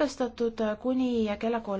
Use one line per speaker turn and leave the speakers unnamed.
katkestatud kuni kella kolm.